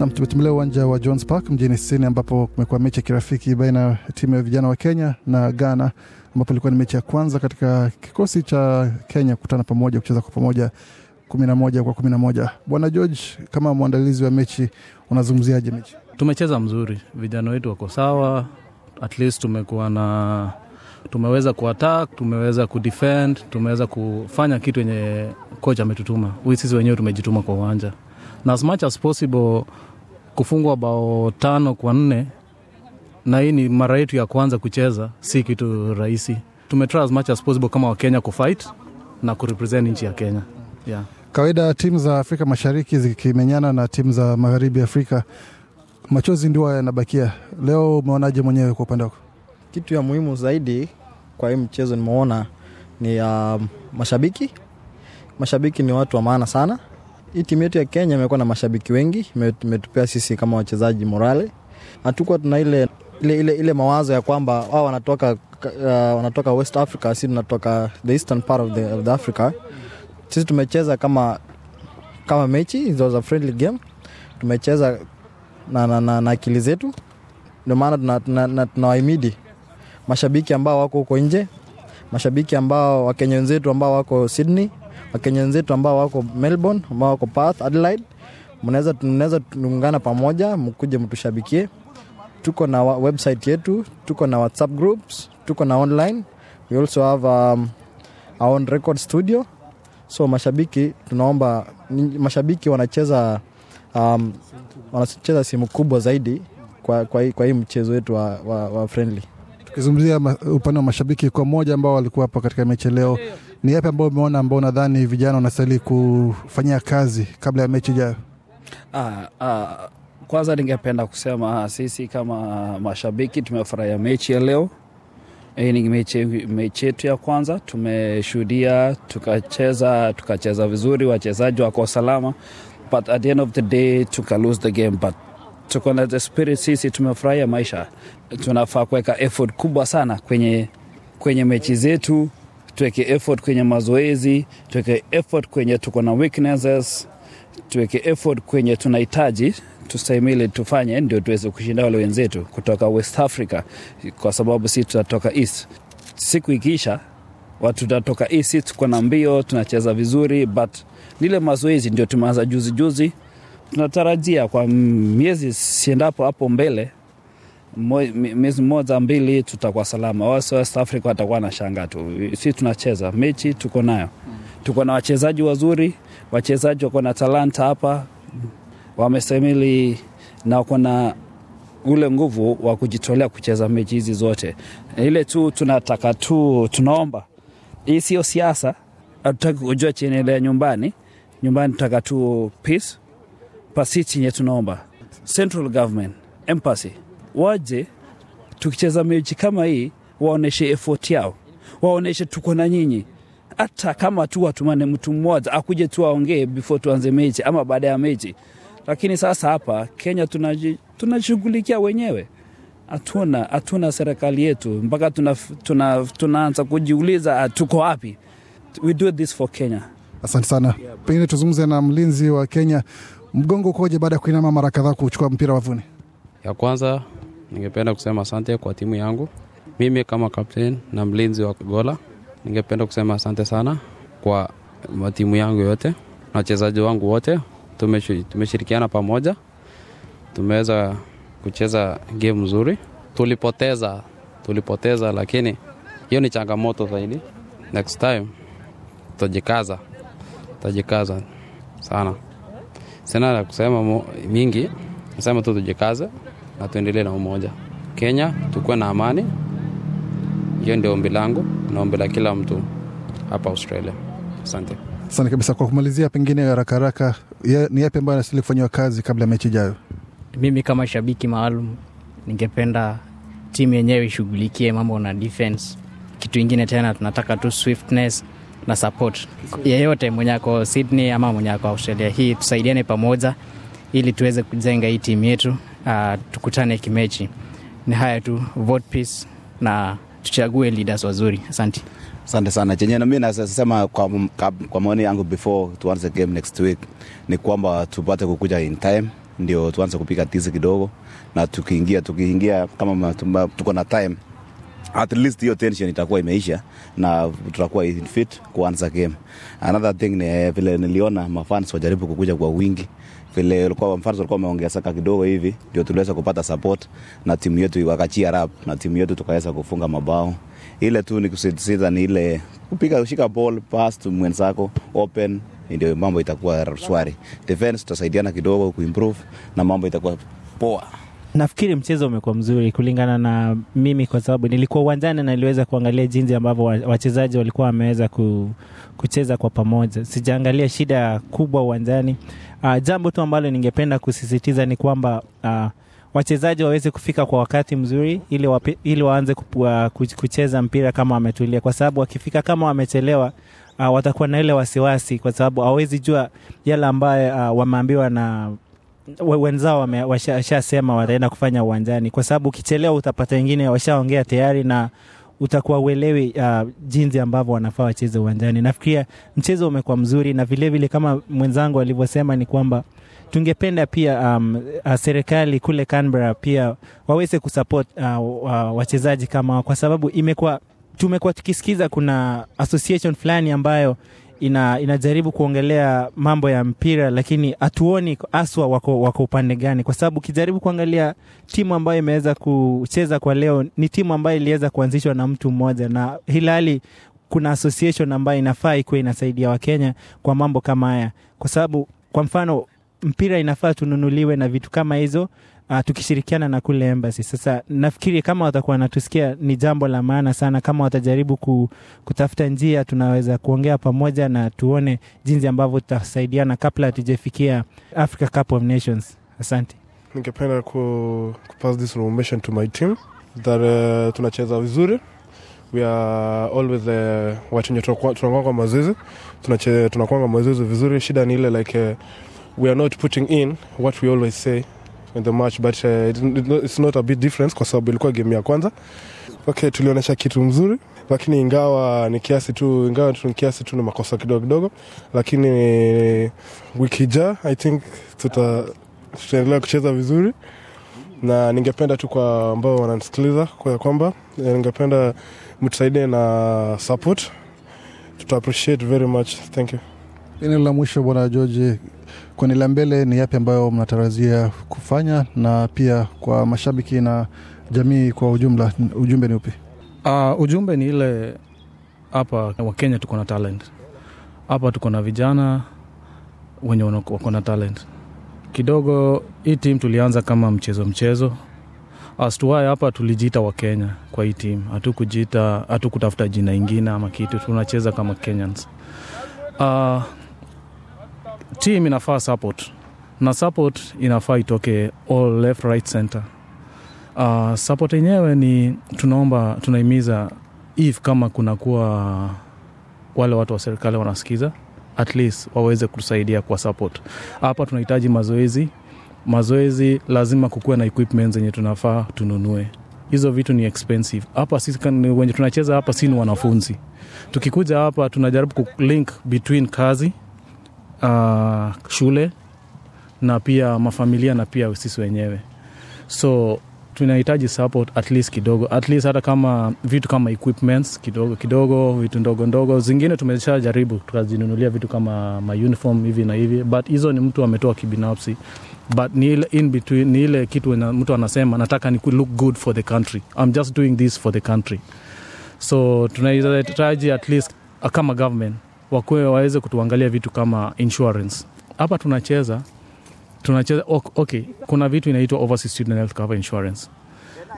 Nam, tumetembelea uwanja wa Jones Park mjini Sydney ambapo kumekuwa mechi ya kirafiki baina ya timu ya vijana wa Kenya na Ghana ambapo ilikuwa ni mechi ya kwanza katika kikosi cha Kenya kukutana pamoja kucheza kwa pamoja kumi na moja kwa kumi na moja. Bwana George, kama mwandalizi wa mechi, unazungumziaje mechi? Tumecheza mzuri, vijana wetu wako sawa, at least tumekuwa na tumeweza kuattack, tumeweza kudefend, tumeweza kufanya kitu yenye kocha ametutuma. Sisi wenyewe tumejituma kwa uwanja na as much as possible kufungwa bao tano kwa nne, na hii ni mara yetu ya kwanza kucheza, si kitu rahisi. Tumetry as much as possible kama Wakenya kufight na kurepresent nchi ya Kenya yeah. Kawaida timu za Afrika Mashariki zikimenyana na timu za magharibi Afrika, machozi ndio yanabakia. Leo umeonaje mwenyewe kwa upande wako? Kitu ya muhimu zaidi kwa hii mchezo nimeona ni, ni um, uh, mashabiki. Mashabiki ni watu wa maana sana hii timu yetu ya Kenya imekuwa na mashabiki wengi, imetupea sisi kama wachezaji morale. Hatukuwa tuna ile, ile, ile, ile mawazo ya kwamba wao wanatoka, uh, wanatoka West Africa, sisi tunatoka the eastern part of the, of the Africa. Sisi tumecheza kama, kama mechi, it was a friendly game. Tumecheza na, na, na, na akili zetu, ndio maana tunawahimidi tuna, tuna mashabiki ambao wako huko nje, mashabiki ambao wakenya wenzetu ambao wako Sydney Wakenya nzetu ambao wako Melbourne, ambao wako path Adelaide, mnaweza tunaweza tuungana pamoja, mkuje mtushabikie. Tuko na website yetu, tuko na WhatsApp groups, tuko na online. We also have um, our own record studio. So mashabiki, tunaomba mashabiki wanacheza um, wanacheza simu kubwa zaidi kwa, kwa, kwa hii mchezo wetu wa, wa, wa friendly. Tukizungumzia upande wa mashabiki, kwa moja ambao walikuwa hapo katika mechi leo ni yapi ambayo umeona ambao unadhani vijana wanastahili kufanyia kazi kabla ya mechi ijayo? Ah, ah, kwanza ningependa kusema sisi kama mashabiki tumefurahia mechi ya leo. Hii ni mechi, mechi yetu ya kwanza tumeshuhudia, tukacheza tukacheza vizuri, wachezaji wako salama, but at the end of the day tuka lose the game, but tuko na the spirit. Sisi tumefurahia maisha, tunafaa kuweka effort kubwa sana kwenye, kwenye mechi zetu tuweke effort kwenye mazoezi, tuweke effort kwenye tuko na weaknesses, tuweke effort kwenye tunahitaji tustahimili tufanye, ndio tuweze kushinda wale wenzetu kutoka West Africa, kwa sababu si tutatoka East. Siku ikiisha watu tutatoka East, tuko na mbio, tunacheza vizuri, but lile mazoezi ndio tumeanza juzi juzi. Tunatarajia kwa miezi siendapo hapo mbele mwezi mmoja mbili tutakuwa salama. Wasi West Africa watakuwa na shanga tu, si tunacheza mechi tuko nayo, tuko na wachezaji wazuri, wachezaji wako na talanta hapa, wamesemili na wako na ule nguvu wa kujitolea kucheza mechi hizi zote. Ile tu tunataka tu, tunaomba hii sio siasa, hatutaki kujua chenelea nyumbani. Nyumbani tutaka tu peace, pasiti yenye tunaomba central government embassy waje tukicheza mechi kama hii, waoneshe effort yao, waoneshe tuko na nyinyi hata kama tu watumane mtu mmoja akuje tu aongee before tuanze mechi ama baada ya mechi. Lakini sasa hapa Kenya tunashughulikia tuna wenyewe, hatuna hatuna serikali yetu, mpaka tunaanza tuna, tuna, tuna kujiuliza ah, tuko wapi. We do this for Kenya. Asante sana. Pengine tuzungumze na mlinzi wa Kenya, mgongo ukoje baada ya kuinama mara kadhaa kuchukua mpira wavuni? Ya kwanza Ningependa kusema asante kwa timu yangu, mimi kama kapteni na mlinzi wa gola. Ningependa kusema asante sana kwa timu yangu yote na wachezaji wangu wote. Tumeshirikiana pamoja, tumeweza kucheza game nzuri. Tulipoteza, tulipoteza, lakini hiyo ni changamoto zaidi. Next time tutajikaza, tutajikaza sana. Sina la kusema mingi, nasema tu tujikaze na tuendelee na umoja. Kenya tukuwe na amani. Hiyo ndio ombi langu na ombi la kila mtu hapa Australia. Asante. Asante kabisa. Kwa kumalizia, pengine haraka haraka, ni yapi ambayo anastahili kufanyiwa kazi kabla ya mechi ijayo? Mimi kama shabiki maalum, ningependa timu yenyewe ishughulikie mambo na defense. Kitu ingine tena, tunataka tu swiftness na support. Yeyote mwenye ako Sydney ama mwenye ako Australia hii, tusaidiane pamoja ili tuweze kujenga hii timu yetu uh, tukutane kimechi. Ni haya tu, vote peace na tuchague leaders wazuri. Asante. Asante sana. Chenye nami nasema kwa, kwa maoni yangu before tuanze game next week ni kwamba tupate kukuja in time ndio tuanze kupiga tizi kidogo, na tukiingia tukiingia kama tuko na time at least hiyo tension itakuwa imeisha na tutakuwa fit kuanza game. Another thing ni eh, vile niliona mafans wajaribu kukuja kwa wingi vile ulikuwa mfano ulikuwa umeongezeka kidogo hivi, ndio tuliweza kupata support na timu yetu wakachia rap na timu yetu tukaweza kufunga mabao. Ile tu ni kusisitiza ni ile kupiga, shika ball, pass to mwenzako open, ndio mambo itakuwa swari. Defense tutasaidiana kidogo kuimprove na mambo itakuwa poa. Nafikiri mchezo umekuwa mzuri kulingana na mimi, kwa sababu nilikuwa uwanjani na niliweza kuangalia jinsi ambavyo wachezaji walikuwa wameweza ku, kucheza kwa pamoja. Sijaangalia shida kubwa uwanjani. Uh, jambo tu ambalo ningependa kusisitiza ni kwamba uh, wachezaji waweze kufika kwa wakati mzuri ili, wapi, ili waanze kupua, ah, kucheza mpira kama wametulia, kwa sababu wakifika kama wamechelewa uh, watakuwa na ile wasiwasi, kwa sababu hawawezi jua yale ambayo uh, wameambiwa na wenzao washasema wataenda kufanya uwanjani, kwa sababu ukichelewa utapata wengine washaongea tayari na utakuwa uelewi uh, jinsi ambavyo wanafaa wacheze uwanjani. Nafikiria mchezo umekuwa mzuri, na vilevile vile kama mwenzangu alivyosema ni kwamba tungependa pia um, uh, serikali kule Canberra pia waweze kusupport uh, uh, wachezaji kama, kwa sababu imekuwa tumekuwa tukisikiza kuna association fulani ambayo ina, inajaribu kuongelea mambo ya mpira, lakini hatuoni aswa wako, wako upande gani, kwa sababu ukijaribu kuangalia timu ambayo imeweza kucheza kwa leo ni timu ambayo iliweza kuanzishwa na mtu mmoja, na hilali kuna association ambayo inafaa ikuwe inasaidia Wakenya kwa mambo kama haya, kwa sababu kwa mfano mpira inafaa tununuliwe na vitu kama hizo uh, tukishirikiana na kule embassy. Sasa nafikiri kama watakuwa wanatusikia ni jambo la maana sana, kama watajaribu ku, kutafuta njia, tunaweza kuongea pamoja na tuone jinsi ambavyo tutasaidiana kabla hatujafikia Africa Cup of Nations. Asante. Ningependa ku, ku pass this information to my team that uh, tunacheza vizuri we are always uh, watenye tunakwanga mazoezi tunakwanga mazoezi vizuri shida ni ile like uh, we are not putting in what we always say in the match but uh, it, it's not a bit different kwa sababu ilikuwa game ya kwanza okay tulionyesha kitu mzuri lakini ingawa ni kiasi tu ingawa tu ni kiasi tu na makosa kidogo kidogo lakini uh, wiki ja i think tuta tutaendelea kucheza vizuri na ningependa tu kwa ambao wananisikiliza kwa kwamba eh, ningependa mtusaidie na support tuta appreciate very much thank you neno la mwisho bwana george kwenye mbele, ni yapi ambayo mnatarajia kufanya, na pia kwa mashabiki na jamii kwa ujumla, ujumbe ni upi? Uh, ujumbe ni ile hapa Wakenya tuko na talent hapa, tuko na vijana wenye wako na talent kidogo. Hii tim tulianza kama mchezo mchezo astuae hapa tulijiita Wakenya kwa hii timu, hatukujiita hatukutafuta jina ingine ama kitu, tunacheza kama Kenyans. Uh, team inafaa support na support inafaa itoke all left right center uh, support yenyewe ni tunaomba tunaimiza if kama kunakuwa wale watu wa serikali wanasikiza at least waweze kutusaidia kwa support hapa tunahitaji mazoezi mazoezi lazima kukuwa na equipment zenye tunafaa tununue hizo vitu ni expensive hapa sisi wenye tunacheza hapa si ni wanafunzi tukikuja hapa tunajaribu kulink between kazi uh, shule na pia mafamilia na pia sisi wenyewe so tunahitaji support at least kidogo at least hata kama vitu kama equipments kidogo kidogo vitu ndogo ndogo zingine tumesha jaribu tukazinunulia vitu kama mauniform hivi na hivi but hizo ni mtu ametoa kibinafsi but ni ile in between ni ile kitu na mtu anasema nataka ni look good for the country i'm just doing this for the country so tunahitaji at least uh, kama government wakwe waweze kutuangalia vitu kama insurance. Hapa tunacheza tunacheza okay, kuna vitu inaitwa overseas student health cover insurance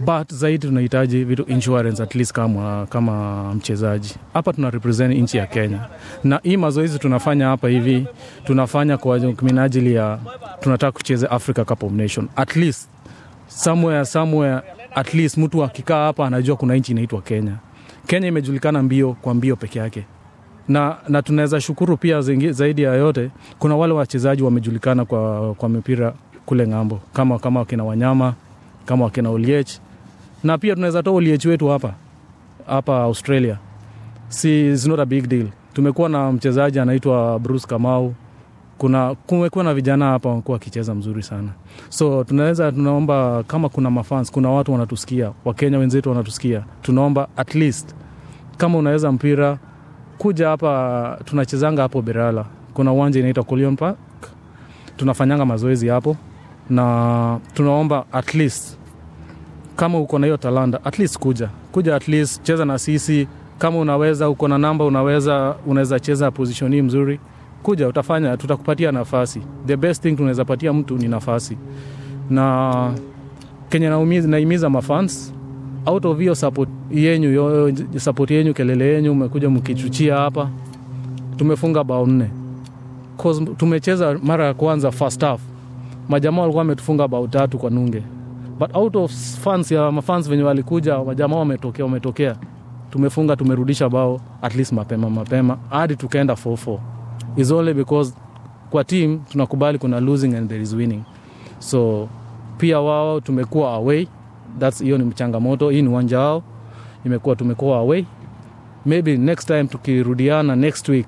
but zaidi tunahitaji vitu insurance at least kama, kama mchezaji hapa tuna represent nchi ya Kenya, na hii mazoezi tunafanya hapa hivi tunafanya kwa minajili ya tunataka kucheza Africa Cup of Nation at least somewhere, somewhere at least mtu akikaa hapa anajua kuna nchi inaitwa Kenya. Kenya imejulikana mbio kwa mbio peke yake na, na tunaweza shukuru pia zingi, zaidi ya yote kuna wale wachezaji wamejulikana kwa, kwa mipira kule ng'ambo kama, kama wakina Wanyama kama wakina Oliech na pia tunaweza toa Oliech wetu hapa hapa Australia. Si, it's not a big deal. Tumekuwa na mchezaji anaitwa Bruce Kamau kuna kumekuwa na vijana hapa wamekuwa wakicheza mzuri sana, so tunaweza tunaomba kama kuna mafans, kuna watu wanatusikia, Wakenya wenzetu wanatusikia, tunaomba at least kama unaweza mpira kuja hapa tunachezanga hapo Berala, kuna uwanja inaitwa Kulion Park, tunafanyanga mazoezi hapo, na tunaomba at least kama uko na hiyo talanta at least kuja kuja at least cheza na sisi kama unaweza, uko na namba, unaweza unaweza cheza position hii mzuri, kuja utafanya, tutakupatia nafasi. The best thing tunaweza patia mtu ni nafasi, na Kenya naimiza mafans out of your support yenyu yoyo sapoti yenyu, kelele yenyu, umekuja mkichuchia hapa. Tumefunga bao nne, tumecheza mara ya kwanza first half, majamaa walikuwa wametufunga bao tatu kwa nunge, but out of fans ya mafans venye walikuja, majamaa wametokea, wametokea, tumefunga, tumerudisha bao at least mapema mapema, hadi tukaenda 4-4 is only because kwa team tunakubali kuna losing and there is winning, so pia wao tumekuwa away, that's hiyo ni mchangamoto, hii ni uwanja wao imekuwa tumekuwa away maybe next time tukirudiana next week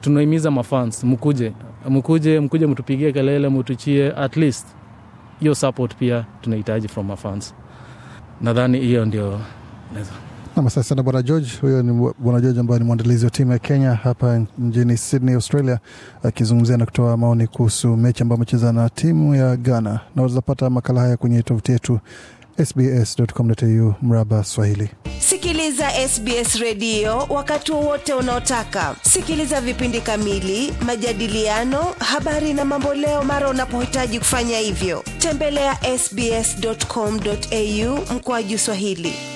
tunaimiza mafans mkuje mkuje mkuje mtupigie kelele mtuchie at least hiyo support pia tunahitaji from mafans nadhani hiyo ndio naweza Asante sana bwana George. Huyo ni bwana George ambaye ni mwandalizi wa timu ya Kenya hapa mjini Sydney, Australia, akizungumzia na kutoa maoni kuhusu mechi ambayo amecheza na timu ya Ghana, na wazapata makala haya kwenye tovuti yetu sbs.com.au mraba swahili. Sikiliza SBS redio wakati wowote unaotaka. Sikiliza vipindi kamili, majadiliano, habari na mamboleo mara unapohitaji kufanya hivyo. Tembelea ya sbs.com.au mkoaju swahili.